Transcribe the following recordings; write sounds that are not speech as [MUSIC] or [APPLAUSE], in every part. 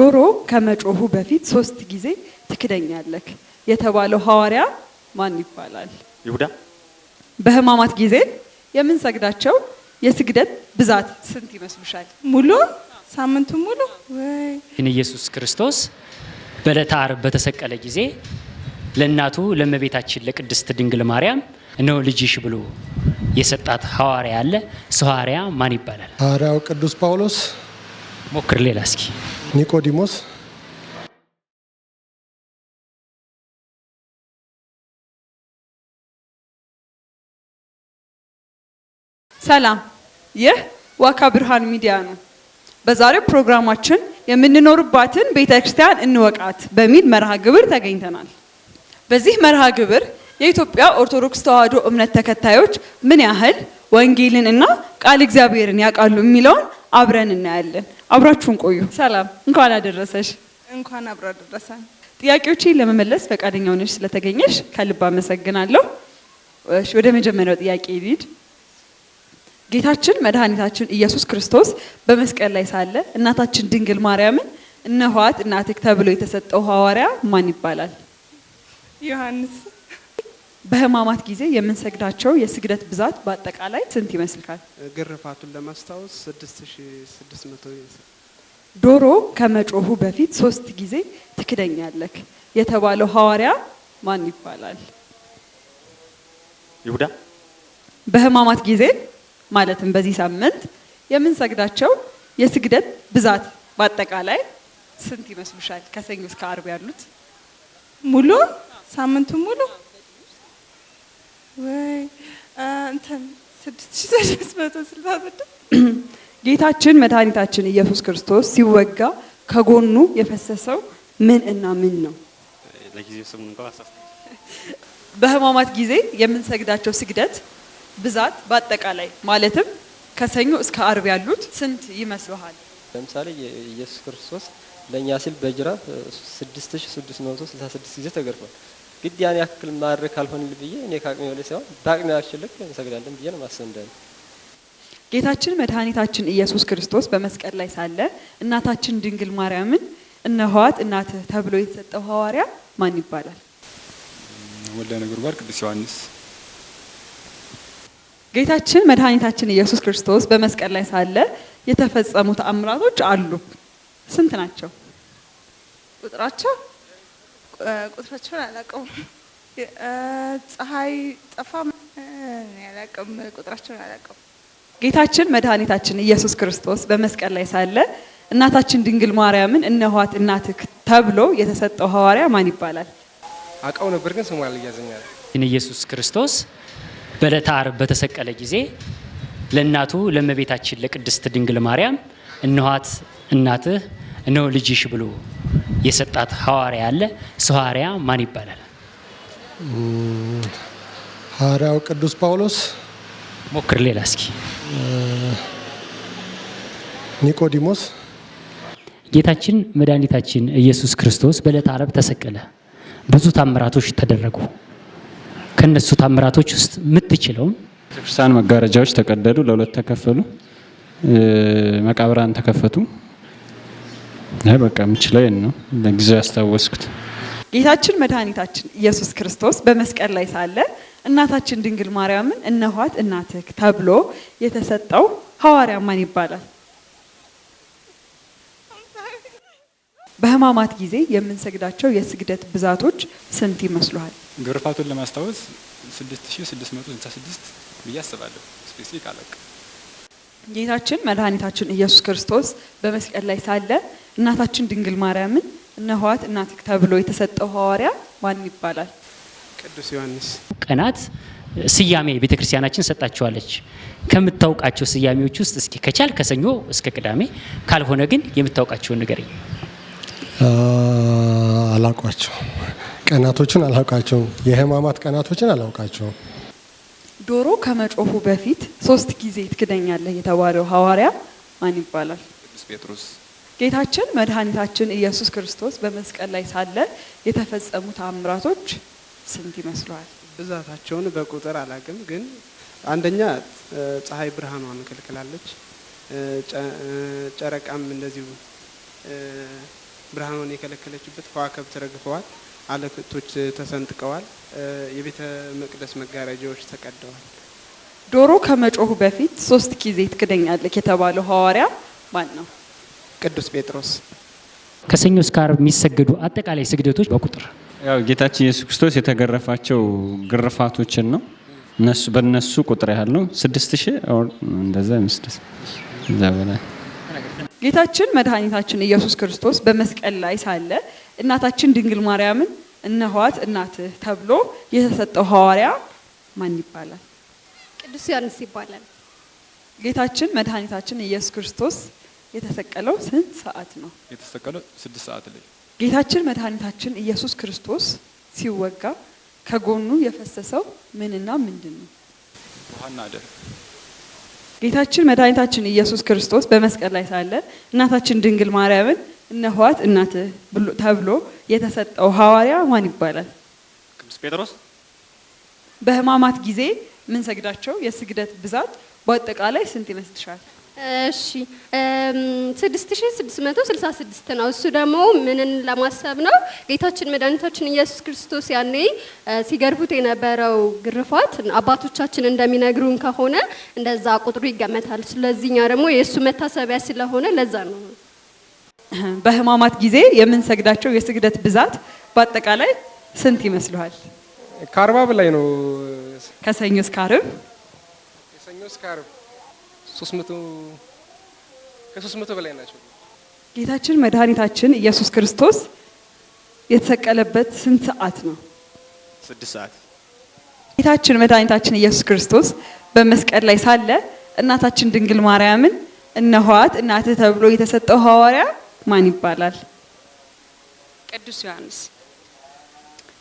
ዶሮ ከመጮሁ በፊት ሶስት ጊዜ ትክደኛለህ የተባለው ሐዋርያ ማን ይባላል? ይሁዳ። በህማማት ጊዜ የምንሰግዳቸው የስግደት ብዛት ስንት ይመስሉሻል? ሙሉ ሳምንቱ ሙሉ ግን ኢየሱስ ክርስቶስ በዕለተ ዓርብ በተሰቀለ ጊዜ ለእናቱ ለእመቤታችን ለቅድስት ድንግል ማርያም እነሆ ልጅሽ ብሎ የሰጣት ሐዋርያ አለ። እሱ ሐዋርያ ማን ይባላል? ሐዋርያው ቅዱስ ጳውሎስ። ሞክር ሌላ እስኪ ኒቆዲሞስ ሰላም፣ ይህ ዋካ ብርሃን ሚዲያ ነው። በዛሬው ፕሮግራማችን የምንኖርባትን ቤተ ክርስቲያን እንወቃት በሚል መርሃ ግብር ተገኝተናል። በዚህ መርሃ ግብር የኢትዮጵያ ኦርቶዶክስ ተዋሕዶ እምነት ተከታዮች ምን ያህል ወንጌልን እና ቃል እግዚአብሔርን ያውቃሉ የሚለውን አብረን እናያለን። አብራችሁን ቆዩ። ሰላም፣ እንኳን አደረሰሽ። እንኳን አብሮ አደረሰን። ጥያቄዎቼን ለመመለስ ፈቃደኛ ሆነሽ ስለተገኘሽ ከልብ አመሰግናለሁ። ወደ መጀመሪያው ጥያቄ ልሂድ። ጌታችን መድኃኒታችን ኢየሱስ ክርስቶስ በመስቀል ላይ ሳለ እናታችን ድንግል ማርያምን እነኋት እናትህ ተብሎ የተሰጠው ሐዋርያ ማን ይባላል? ዮሐንስ በህማማት ጊዜ የምንሰግዳቸው የስግደት ብዛት በአጠቃላይ ስንት ይመስልካል? ግርፋቱን ለማስታወስ 6600 ዶሮ ከመጮሁ በፊት ሶስት ጊዜ ትክደኛለክ የተባለው ሐዋርያ ማን ይባላል? ይሁዳ። በህማማት ጊዜ ማለትም በዚህ ሳምንት የምንሰግዳቸው የስግደት ብዛት በአጠቃላይ ስንት ይመስሉሻል? ከሰኞ እስከ አርብ ያሉት ሙሉ ሳምንቱ ሙሉ ወይ ስድስት ስድስት መቶ ስልሳ ስድስት ጌታችን መድኃኒታችን ኢየሱስ ክርስቶስ ሲወጋ ከጎኑ የፈሰሰው ምን እና ምን ነው? ለጊዜው በህማማት ጊዜ የምንሰግዳቸው ስግደት ብዛት በአጠቃላይ ማለትም ከሰኞ እስከ አርብ ያሉት ስንት ይመስልሃል? ለምሳሌ የኢየሱስ ክርስቶስ ለእኛ ሲል በጅራት 6666 ጊዜ ተገርፏል። ግድ ያን ያክል ማድረግ ካልሆንል ብዬ እኔ ከአቅሜ በላይ ሳይሆን በአቅሜ ያልችል እንሰግዳለን ብዬ ነው ማስንደን ጌታችን መድኃኒታችን ኢየሱስ ክርስቶስ በመስቀል ላይ ሳለ እናታችን ድንግል ማርያምን እነህዋት እናት ተብሎ የተሰጠው ሐዋርያ ማን ይባላል? ወልደ ጋር ቅዱስ ዮሐንስ። ጌታችን መድኃኒታችን ኢየሱስ ክርስቶስ በመስቀል ላይ ሳለ የተፈጸሙ ተአምራቶች አሉ። ስንት ናቸው ቁጥራቸው? ቁጥራቸውን አላውቀውም። ፀሐይ ጠፋ አላውቅም፣ ቁጥራቸውን አላውቀውም። ጌታችን መድኃኒታችን ኢየሱስ ክርስቶስ በመስቀል ላይ ሳለ እናታችን ድንግል ማርያምን እነኋት እናትህ ተብሎ የተሰጠው ሐዋርያ ማን ይባላል? አውቀው ነበር ግን ስሙ አልያዘኛል። ኢየሱስ ክርስቶስ በዕለተ ዓርብ በተሰቀለ ጊዜ ለእናቱ ለእመቤታችን ለቅድስት ድንግል ማርያም እነኋት እናትህ እነሆ ልጅሽ ብሎ የሰጣት ሐዋርያ አለ። ሐዋርያ ማን ይባላል? ሐዋርያው ቅዱስ ጳውሎስ ሞክር። ሌላ እስኪ ኒቆዲሞስ። ጌታችን መድኃኒታችን ኢየሱስ ክርስቶስ በዕለተ ዓርብ ተሰቀለ። ብዙ ታምራቶች ተደረጉ። ከነሱ ታምራቶች ውስጥ የምትችለውን ቤተክርስቲያን መጋረጃዎች ተቀደዱ፣ ለሁለት ተከፈሉ፣ መቃብራን ተከፈቱ። በቃ የምችለው ነው። ለጊዜው ያስታወስኩት ጌታችን መድኃኒታችን ኢየሱስ ክርስቶስ በመስቀል ላይ ሳለ እናታችን ድንግል ማርያምን እነኋት እናትህ ተብሎ የተሰጠው ሐዋርያ ማን ይባላል? በህማማት ጊዜ የምንሰግዳቸው የስግደት ብዛቶች ስንት ይመስሉሃል? ግርፋቱን ለማስታወስ 6666 ብዬ አስባለሁ። ስፔሲፊክ አለቅ ጌታችን መድኃኒታችን ኢየሱስ ክርስቶስ በመስቀል ላይ ሳለ እናታችን ድንግል ማርያምን እነኋት እናትህ ተብሎ የተሰጠው ሐዋርያ ማን ይባላል? ቅዱስ ዮሐንስ። ቀናት ስያሜ ቤተ ክርስቲያናችን ሰጣቸዋለች። ከምታውቃቸው ስያሜዎች ውስጥ እስኪ ከቻል ከሰኞ እስከ ቅዳሜ፣ ካልሆነ ግን የምታውቃቸውን ንገረኝ። አላውቃቸው ቀናቶችን አላውቃቸው። የህማማት ቀናቶችን አላውቃቸው። ዶሮ ከመጮሁ በፊት ሶስት ጊዜ ትክደኛለህ የተባለው ሐዋርያ ማን ይባላል? ቅዱስ ጴጥሮስ ጌታችን መድኃኒታችን ኢየሱስ ክርስቶስ በመስቀል ላይ ሳለ የተፈጸሙ ተአምራቶች ስንት ይመስለዋል? ብዛታቸውን በቁጥር አላቅም፣ ግን አንደኛ ፀሐይ ብርሃኗን እንከልክላለች። ጨረቃም እንደዚሁ ብርሃኗን የከለከለችበት፣ ከዋክብት ረግፈዋል፣ አለክቶች ተሰንጥቀዋል፣ የቤተ መቅደስ መጋረጃዎች ተቀደዋል። ዶሮ ከመጮሁ በፊት ሶስት ጊዜ ትክደኛለች የተባለው ሐዋርያ ማን ነው? ቅዱስ ጴጥሮስ። ከሰኞ እስከ ዓርብ የሚሰገዱ አጠቃላይ ስግደቶች በቁጥር ያው ጌታችን ኢየሱስ ክርስቶስ የተገረፋቸው ግርፋቶችን ነው። እነሱ በእነሱ ቁጥር ያህል ነው። ስድስት ሺህ እንደዛ ጌታችን መድኃኒታችን ኢየሱስ ክርስቶስ በመስቀል ላይ ሳለ እናታችን ድንግል ማርያምን እነኋት እናትህ ተብሎ የተሰጠው ሐዋርያ ማን ይባላል? ቅዱስ ዮሐንስ ይባላል። ጌታችን መድኃኒታችን ኢየሱስ ክርስቶስ የተሰቀለው ስንት ሰዓት ነው? የተሰቀለው ስድስት ሰዓት ላይ ጌታችን መድኃኒታችን ኢየሱስ ክርስቶስ ሲወጋ ከጎኑ የፈሰሰው ምንና ምንድን ነው? ውሃና ደም። ጌታችን መድኃኒታችን ኢየሱስ ክርስቶስ በመስቀል ላይ ሳለ እናታችን ድንግል ማርያምን እነኋት እናትህ ተብሎ የተሰጠው ሐዋርያ ማን ይባላል? ቅዱስ ጴጥሮስ። በሕማማት ጊዜ ምን ሰግዳቸው የስግደት ብዛት በአጠቃላይ ስንት ይመስልሻል? እሺ 6666 ነው። እሱ ደግሞ ምንን ለማሰብ ነው? ጌታችን መድኃኒታችን ኢየሱስ ክርስቶስ ያኔ ሲገርፉት የነበረው ግርፋት አባቶቻችን እንደሚነግሩን ከሆነ እንደዛ ቁጥሩ ይገመታል። ስለዚህኛ ደግሞ የእሱ መታሰቢያ ስለሆነ ለዛ ነው። በሕማማት ጊዜ የምንሰግዳቸው የስግደት ብዛት በአጠቃላይ ስንት ይመስልሃል? ከአርባ በላይ ነው። ከሰኞ እስከ ዓርብ ከሰኞ እስከ ዓርብ ከሶስት መቶ በላይ ናቸው። ጌታችን መድኃኒታችን ኢየሱስ ክርስቶስ የተሰቀለበት ስንት ሰዓት ነው? ስድስት ሰዓት። ጌታችን መድኃኒታችን ኢየሱስ ክርስቶስ በመስቀል ላይ ሳለ እናታችን ድንግል ማርያምን እነኋት እናትህ ተብሎ የተሰጠው ሐዋርያ ማን ይባላል? ቅዱስ ዮሐንስ።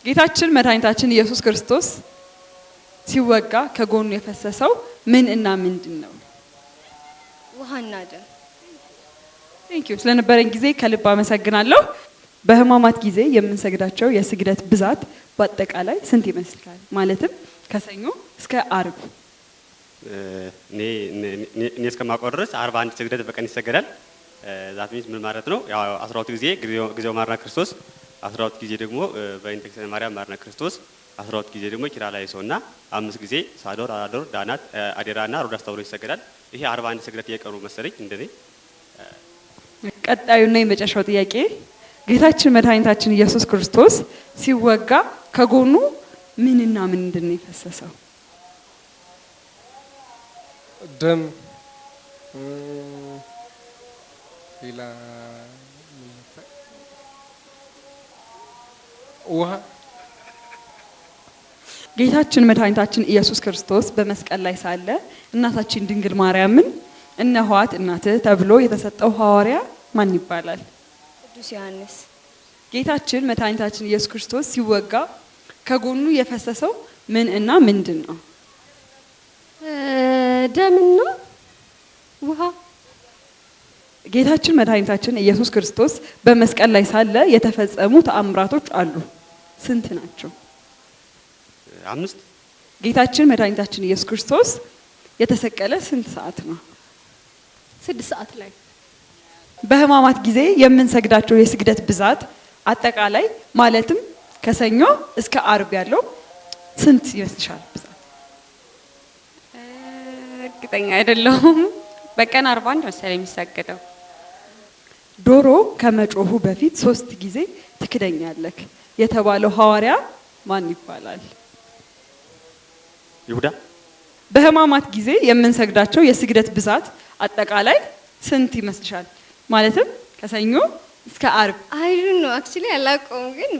ጌታችን መድኃኒታችን ኢየሱስ ክርስቶስ ሲወጋ ከጎኑ የፈሰሰው ምን እና ምንድን ነው? ውሃና ደም። ቴንኪዩ ስለነበረን ጊዜ ከልብ አመሰግናለሁ። በህማማት ጊዜ የምንሰግዳቸው የስግደት ብዛት በአጠቃላይ ስንት ይመስላል? ማለትም ከሰኞ እስከ አርብ እኔ እስከማውቀው ድረስ አርባ አንድ ስግደት በቀን ይሰገዳል። ዛት ሚኒት ምን ማለት ነው? አስራ ሁለት ጊዜ ጊዜው ማርና ክርስቶስ፣ አስራ ሁለት ጊዜ ደግሞ በኢንቴክሽን ማርያም ማርና ክርስቶስ አስራ ሁለት ጊዜ ደግሞ ኪራ ላይ ሰው እና አምስት ጊዜ ሳዶር፣ አራዶር፣ ዳናት፣ አዴራ ና ሮዳስ ተብሎ ይሰገዳል። ይሄ አርባ አንድ ስግደት እየቀሩ መሰለኝ እንደኔ። ቀጣዩና የመጨረሻው ጥያቄ ጌታችን መድኃኒታችን ኢየሱስ ክርስቶስ ሲወጋ ከጎኑ ምንና ምን እንድን የፈሰሰው? ደም ሌላ ውሃ ጌታችን መድኃኒታችን ኢየሱስ ክርስቶስ በመስቀል ላይ ሳለ እናታችን ድንግል ማርያምን እነኋት እናትህ ተብሎ የተሰጠው ሐዋርያ ማን ይባላል? ቅዱስ ዮሐንስ። ጌታችን መድኃኒታችን ኢየሱስ ክርስቶስ ሲወጋ ከጎኑ የፈሰሰው ምን እና ምንድን ነው? ደምና ውሃ። ጌታችን መድኃኒታችን ኢየሱስ ክርስቶስ በመስቀል ላይ ሳለ የተፈጸሙ ተአምራቶች አሉ። ስንት ናቸው? አምስት ጌታችን መድኃኒታችን ኢየሱስ ክርስቶስ የተሰቀለ ስንት ሰዓት ነው? ስድስት ሰዓት ላይ በህማማት ጊዜ የምንሰግዳቸው የስግደት ብዛት አጠቃላይ ማለትም ከሰኞ እስከ አርብ ያለው ስንት ይመስልሻል? ብዛት እርግጠኛ አይደለሁም። በቀን አርባ አንድ መሰለኝ የሚሰግደው። ዶሮ ከመጮሁ በፊት ሶስት ጊዜ ትክደኛለክ የተባለው ሐዋርያ ማን ይባላል? ይሁዳ በህማማት ጊዜ የምንሰግዳቸው የስግደት ብዛት አጠቃላይ ስንት ይመስልሻል? ማለትም ከሰኞ እስከ አርብ አይዱ ነው። አክቹሊ አላውቀውም፣ ግን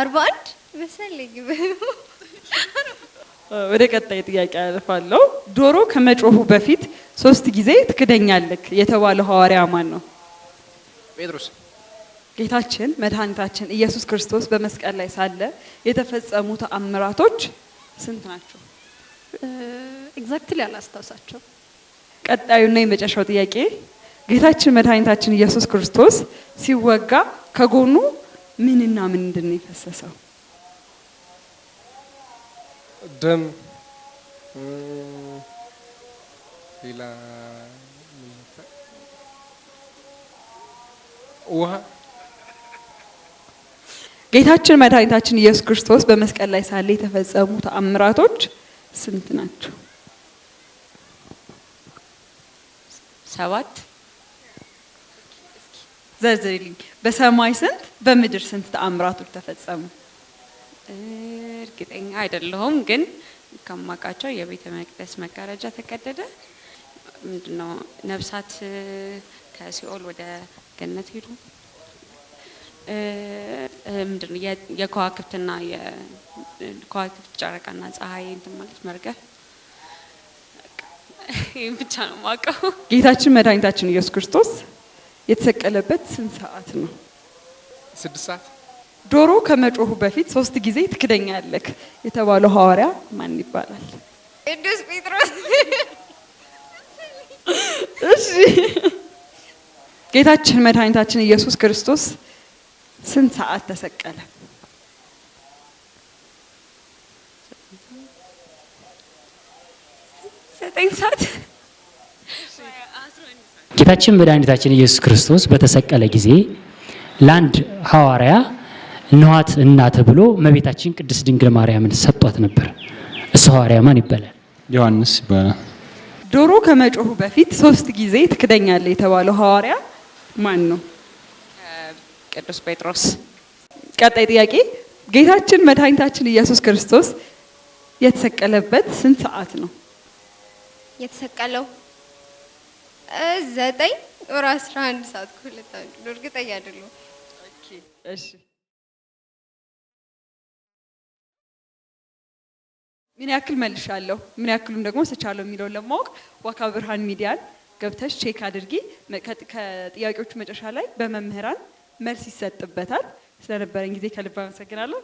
አርባ አንድ መሰለኝ። [LAUGHS] ወደ ቀጣይ ጥያቄ ያልፋለሁ። ዶሮ ከመጮሁ በፊት ሶስት ጊዜ ትክደኛለክ የተባለው ሐዋርያ ማን ነው? ጴጥሮስ። ጌታችን መድኃኒታችን ኢየሱስ ክርስቶስ በመስቀል ላይ ሳለ የተፈጸሙ ተአምራቶች ስንት ናቸው? ኤግዛክትሊ አላስታውሳቸው። ቀጣዩና የመጨረሻው ጥያቄ ጌታችን መድኃኒታችን ኢየሱስ ክርስቶስ ሲወጋ ከጎኑ ምንና ምን ነው የፈሰሰው? ደም ሌላ ውሃ። ጌታችን መድኃኒታችን ኢየሱስ ክርስቶስ በመስቀል ላይ ሳለ የተፈጸሙ ተአምራቶች ስንት ናቸው? ሰባት ዘርዝሪልኝ። በሰማይ ስንት በምድር ስንት ተአምራቶች ተፈጸሙ? እርግጠኛ አይደለሁም ግን ከማውቃቸው የቤተ መቅደስ መጋረጃ ተቀደደ። ምንድነው ነፍሳት ከሲኦል ወደ ገነት ሄዱ። ምንድን የከዋክብትና የከዋክብት ጨረቃና ፀሐይ እንትን ማለት መርገፍ ይህም ብቻ ነው ማቀው ጌታችን መድኃኒታችን ኢየሱስ ክርስቶስ የተሰቀለበት ስንት ሰዓት ነው? ስድስት ሰዓት። ዶሮ ከመጮሁ በፊት ሶስት ጊዜ ትክደኛለህ የተባለው ሐዋርያ ማን ይባላል? ቅዱስ ጴጥሮስ። እሺ ጌታችን መድኃኒታችን ኢየሱስ ክርስቶስ ስንት ሰዓት ተሰቀለ? ዘጠኝ ሰዓት። ጌታችን መድኃኒታችን ኢየሱስ ክርስቶስ በተሰቀለ ጊዜ ለአንድ ሐዋርያ ንዋት እናት ብሎ እመቤታችን ቅድስት ድንግል ማርያምን ሰጧት ነበር። እሱ ሐዋርያ ማን ይባላል? ዮሐንስ ይባላል። ዶሮ ከመጮሁ በፊት ሶስት ጊዜ ትክደኛለህ የተባለው ሐዋርያ ማን ነው? ቅዱስ ጴጥሮስ። ቀጣይ ጥያቄ ጌታችን መድኃኒታችን ኢየሱስ ክርስቶስ የተሰቀለበት ስንት ሰዓት ነው የተሰቀለው? ዘጠኝ ወር አስራ አንድ ሰዓት ኩልታ እርግጠኛ አይደለሁም። ምን ያክል መልሻለሁ፣ ምን ያክሉም ደግሞ ስቻለሁ የሚለውን ለማወቅ ዋካ ብርሃን ሚዲያን ገብተሽ ቼክ አድርጊ። ከጥያቄዎቹ መጨረሻ ላይ በመምህራን መልስ ይሰጥበታል። ስለነበረን ጊዜ ከልብ አመሰግናለሁ።